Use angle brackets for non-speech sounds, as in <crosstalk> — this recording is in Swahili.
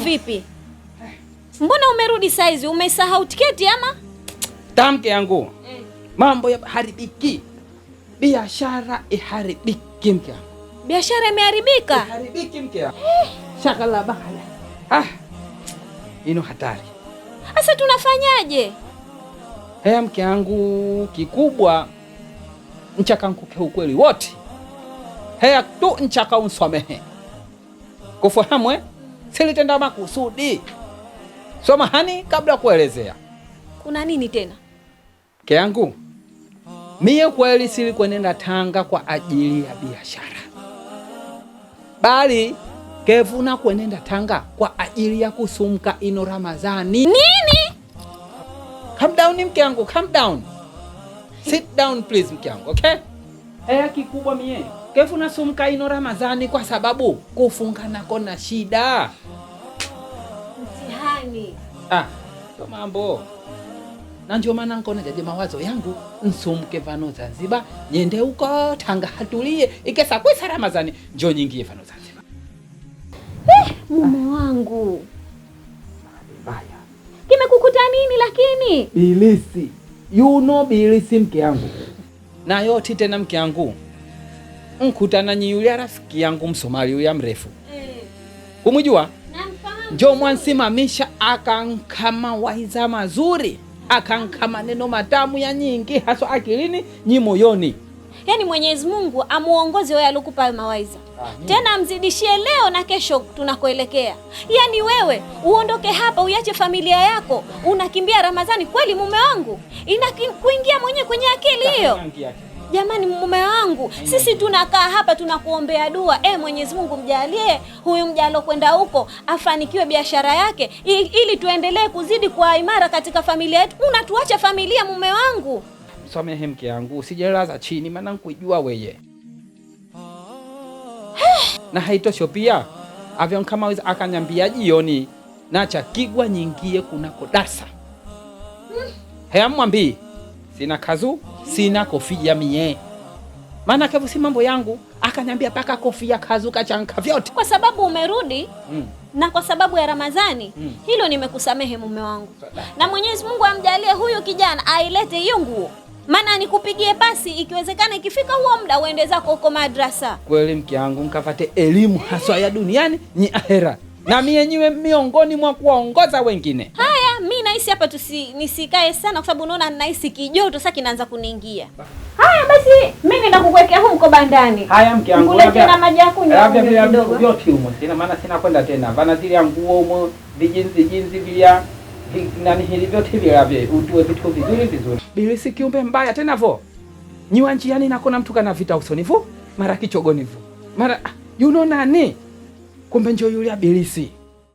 vipi? Mbona umerudi saizi? Umesahau tiketi ama? Tamke yangu Mambo Mambo yaharibiki, biashara iharibiki mke yangu. Biashara imeharibika, haribiki mke yangu, eh. la bahala ah, ino hatari. Sasa tunafanyaje? Haya mke yangu, kikubwa nkuke ukweli wote, heya tu nchaka unsamehe kufahamu eh? silitenda makusudi. Somahani kabla kuelezea. Kuna nini tena? Ke yangu mie kweli silikwenenda Tanga kwa ajili ya biashara, bali kevuna kwenenda Tanga kwa ajili ya kusumka ino Ramadhani. Nini? Calm down mke yangu, calm down. Sit down please mke yangu, okay? Haya kikubwa mie kefuna sumka ino Ramadhani kwa sababu kufunga nako na shida mtihani. Ah, mambo na ndio maana jaje mawazo yangu nsumke vano zanziba nyende uko Tanga hatulie ikesa kwisa Ramadhani njo nyingie vano Zanzibar. Eh, mume wangu kimekukuta nini lakini? Bilisi, you know bilisi mke yangu na yoti tena mke yangu nkutana nyi yule rafiki yangu Msomali uya mrefu e. Eh. kumujua njo mwansimamisha akanka mawaiza mazuri akanka maneno matamu ya nyingi haswa akilini nyi moyoni. Yani Mwenyezi Mungu amuongoze wewe alikupa mawaiza Amin. Tena mzidishie leo na kesho tunakoelekea. Yani wewe uondoke hapa uyache familia yako unakimbia Ramadhani? Kweli mume wangu, inakuingia mwenyewe kwenye akili hiyo? Jamani, mume wangu, sisi tunakaa hapa tunakuombea dua e, Mwenyezi Mungu mjalie huyu mja alokwenda huko afanikiwe biashara yake, ili tuendelee kuzidi kwa imara katika familia yetu. Unatuacha familia, mume wangu. Samehe mke yangu, usijelaza chini, maana nkujua weye <sighs> na haitosho pia avyo nkamaweza akanyambia jioni nacha kigwa nyingie kunako dasa hmm. hayamwambii sina kazu sina kofia mie, maana si mambo yangu akaniambia paka kofia kazuka chanka vyote kwa sababu umerudi mm. na kwa sababu ya Ramadhani mm. hilo nimekusamehe mume wangu na Mwenyezi Mungu amjalie huyu kijana ailete hiyo nguo, maana nikupigie pasi, ikiwezekana ikifika huo muda uende zako huko madrasa. Kweli mke wangu, mkapate elimu haswa ya duniani ni ahera, na mie nyiwe miongoni mwa kuwaongoza wengine ha? nahisi hapa tusi nisikae sana kwa sababu unaona nahisi kijoto sasa kinaanza kuniingia. Haya basi mimi nenda kukuwekea huko mkoba ndani. Haya mke wangu. Kule tena maji ya kunywa kidogo. Yote humo. Sina maana sina kwenda tena. Bana zile nguo humo, vijinzi jinzi vya nani hili vyote hivi ave utue vitu vizuri vizuri. Bibi kiumbe mbaya tena vo. Nyiwa njiani na kuna mtu kana vita usoni vo. Mara kichogoni vo. Mara ah, you know nani? Kumbe ndio yule abilisi.